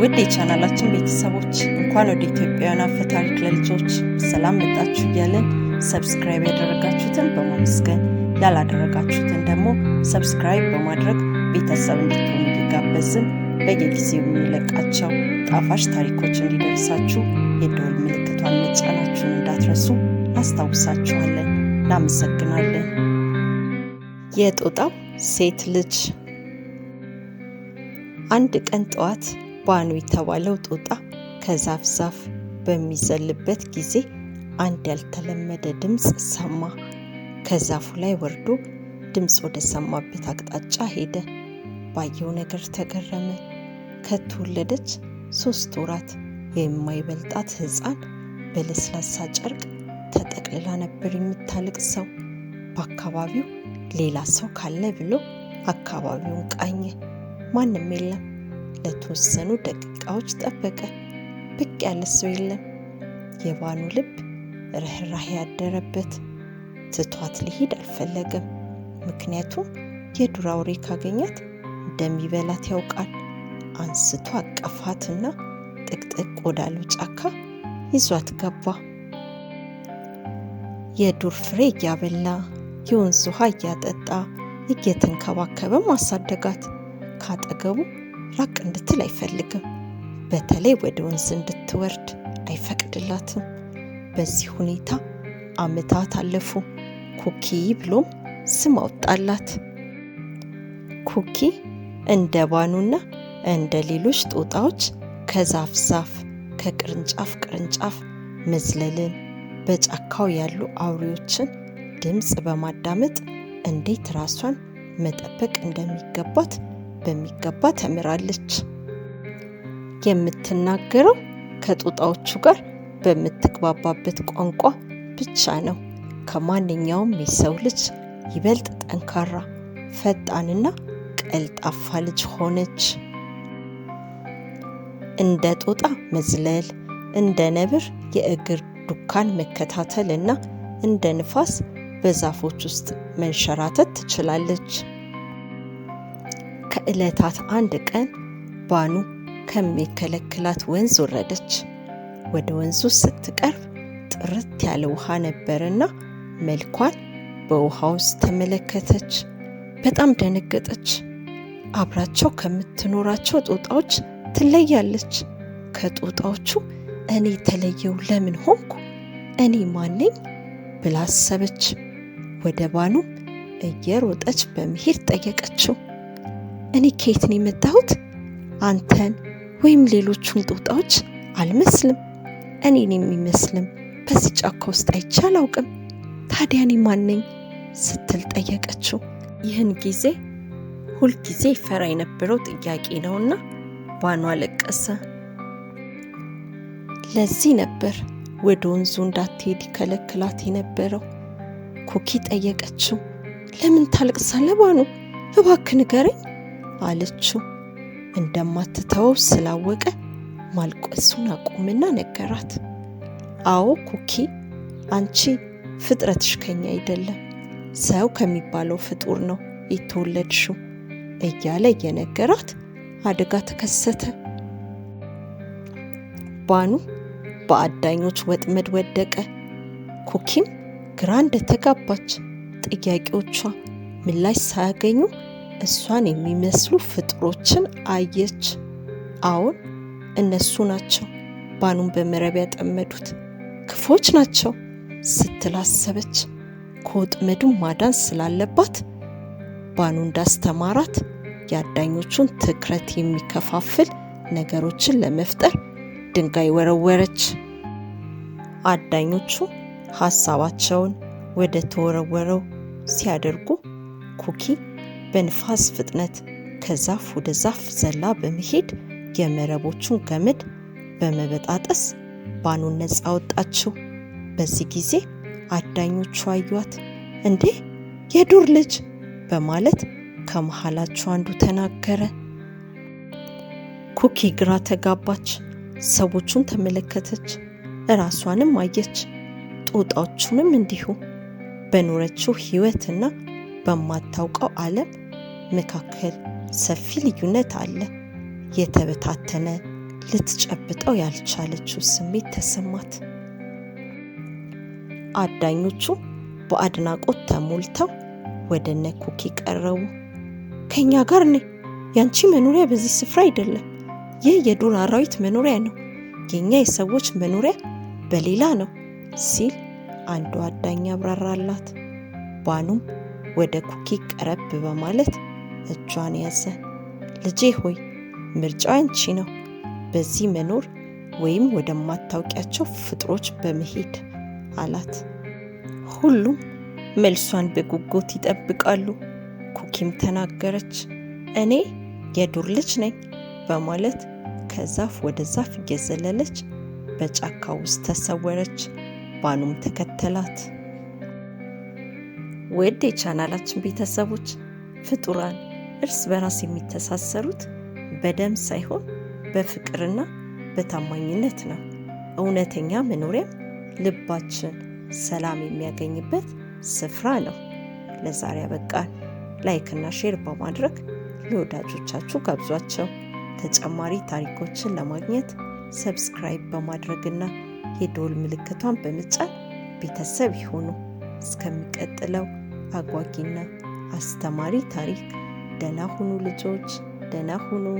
ውድ የቻናላችን ቤተሰቦች እንኳን ወደ ኢትዮጵያውያን አፈ ታሪክ ለልጆች ሰላም መጣችሁ እያለን ሰብስክራይብ ያደረጋችሁትን በማመስገን ያላደረጋችሁትን ደግሞ ሰብስክራይብ በማድረግ ቤተሰብ እንድትሆኑ እንዲጋበዝን በየጊዜው የሚለቃቸው ጣፋጭ ታሪኮች እንዲደርሳችሁ የደወል ምልክቷን መጫናችሁን እንዳትረሱ እናስታውሳችኋለን። እናመሰግናለን። የጦጣው ሴት ልጅ አንድ ቀን ጠዋት ባኑ የተባለው ጦጣ ከዛፍ ዛፍ በሚዘልበት ጊዜ አንድ ያልተለመደ ድምፅ ሰማ። ከዛፉ ላይ ወርዶ ድምፅ ወደ ሰማበት አቅጣጫ ሄደ። ባየው ነገር ተገረመ። ከተወለደች ሶስት ወራት የማይበልጣት ሕፃን በለስላሳ ጨርቅ ተጠቅልላ ነበር ሰው በአካባቢው ሌላ ሰው ካለ ብሎ አካባቢውን ቃኘ። ማንም የለም። ለተወሰኑ ደቂቃዎች ጠበቀ። ብቅ ያለ ሰው የለም። የባኑ ልብ ርኅራኄ ያደረበት። ትቷት ሊሄድ አልፈለገም። ምክንያቱም የዱር አውሬ ካገኛት እንደሚበላት ያውቃል። አንስቶ አቀፋትና ጥቅጥቅ ወዳለው ጫካ ይዟት ገባ። የዱር ፍሬ እያበላ የወንዝ ውሃ እያጠጣ እየተንከባከበ ማሳደጋት። ካጠገቡ ራቅ እንድትል አይፈልግም። በተለይ ወደ ወንዝ እንድትወርድ አይፈቅድላትም። በዚህ ሁኔታ ዓመታት አለፉ። ኩኪ ብሎም ስም አወጣላት። ኩኪ እንደ ባኑና እንደ ሌሎች ጦጣዎች ከዛፍ ዛፍ ከቅርንጫፍ ቅርንጫፍ መዝለልን፣ በጫካው ያሉ አውሬዎችን ድምፅ በማዳመጥ እንዴት ራሷን መጠበቅ እንደሚገባት በሚገባ ተምራለች። የምትናገረው ከጦጣዎቹ ጋር በምትግባባበት ቋንቋ ብቻ ነው። ከማንኛውም የሰው ልጅ ይበልጥ ጠንካራ፣ ፈጣንና ቀልጣፋ ልጅ ሆነች። እንደ ጦጣ መዝለል፣ እንደ ነብር የእግር ዱካን መከታተል እና እንደ ንፋስ በዛፎች ውስጥ መንሸራተት ትችላለች። ከዕለታት አንድ ቀን ባኑ ከሚከለክላት ወንዝ ወረደች። ወደ ወንዙ ስትቀርብ ጥርት ያለ ውሃ ነበርና መልኳን በውሃ ውስጥ ተመለከተች። በጣም ደነገጠች። አብራቸው ከምትኖራቸው ጦጣዎች ትለያለች። ከጦጣዎቹ እኔ የተለየው ለምን ሆንኩ? እኔ ማነኝ? ብላ አሰበች። ወደ ባኑ እየሮጠች በመሄድ ጠየቀችው። እኔ ከየት ነው የመጣሁት? አንተን ወይም ሌሎቹን ጦጣዎች አልመስልም። እኔን የሚመስልም በዚህ ጫካ ውስጥ አይቼ አላውቅም። ታዲያ እኔ ማን ነኝ? ስትል ጠየቀችው። ይህን ጊዜ ሁልጊዜ ይፈራ የነበረው ጥያቄ ነውና ባኗ አለቀሰ። ለዚህ ነበር ወደ ወንዙ እንዳትሄድ ይከለክላት የነበረው። ኮኪ ጠየቀችው፣ ለምን ታለቅሳለህ ባኑ? እባክህ ንገረኝ አለችው። እንደማትተወው ስላወቀ ማልቀሱን አቁምና ነገራት። አዎ ኩኪ፣ አንቺ ፍጥረትሽ ከኛ አይደለም፣ ሰው ከሚባለው ፍጡር ነው የተወለድሽው እያለ እየነገራት አደጋ ተከሰተ። ባኑ በአዳኞች ወጥመድ ወደቀ። ኩኪም ግራ እንደተጋባች ጥያቄዎቿ ምላሽ ሳያገኙ እሷን የሚመስሉ ፍጥሮችን አየች። አሁን እነሱ ናቸው ባኑን በመረብ ያጠመዱት ክፎች ናቸው ስትላሰበች አሰበች። ከወጥመዱ ማዳን ስላለባት ባኑ እንዳስተማራት የአዳኞቹን ትኩረት የሚከፋፍል ነገሮችን ለመፍጠር ድንጋይ ወረወረች። አዳኞቹ ሀሳባቸውን ወደ ተወረወረው ሲያደርጉ ኩኪ በንፋስ ፍጥነት ከዛፍ ወደ ዛፍ ዘላ በመሄድ የመረቦቹን ገመድ በመበጣጠስ ባኑን ነፃ አወጣችው። በዚህ ጊዜ አዳኞቹ አዩዋት። እንዴ የዱር ልጅ በማለት ከመሃላቸው አንዱ ተናገረ። ኩኪ ግራ ተጋባች። ሰዎቹን ተመለከተች፣ እራሷንም አየች፣ ጦጣዎቹንም እንዲሁ። በኖረችው ሕይወትና በማታውቀው ዓለም መካከል ሰፊ ልዩነት አለ። የተበታተነ ልትጨብጠው ያልቻለችው ስሜት ተሰማት። አዳኞቹ በአድናቆት ተሞልተው ወደ እነ ኩኪ ቀረቡ። ከእኛ ጋር ነ ያንቺ መኖሪያ በዚህ ስፍራ አይደለም። ይህ የዱር አራዊት መኖሪያ ነው፣ የእኛ የሰዎች መኖሪያ በሌላ ነው ሲል አንዱ አዳኝ ያብራራላት። ባኑም ወደ ኩኪ ቀረብ በማለት እጇን ያዘ። ልጄ ሆይ ምርጫ አንቺ ነው፣ በዚህ መኖር ወይም ወደማታውቂያቸው ፍጥሮች በመሄድ አላት። ሁሉም መልሷን በጉጉት ይጠብቃሉ። ኩኪም ተናገረች፣ እኔ የዱር ልጅ ነኝ በማለት ከዛፍ ወደ ዛፍ እየዘለለች በጫካ ውስጥ ተሰወረች። ባኑም ተከተላት። ውድ የቻናላችን ቤተሰቦች ፍጡራን እርስ በራስ የሚተሳሰሩት በደም ሳይሆን በፍቅርና በታማኝነት ነው። እውነተኛ መኖሪያም ልባችን ሰላም የሚያገኝበት ስፍራ ነው። ለዛሬ ያበቃል። ላይክና ሼር በማድረግ ለወዳጆቻችሁ ጋብዟቸው። ተጨማሪ ታሪኮችን ለማግኘት ሰብስክራይብ በማድረግና የደወል ምልክቷን በመጫን ቤተሰብ ይሆኑ። እስከሚቀጥለው አጓጊና አስተማሪ ታሪክ። ደህና ሁኑ ልጆች፣ ደህና ሁኑ።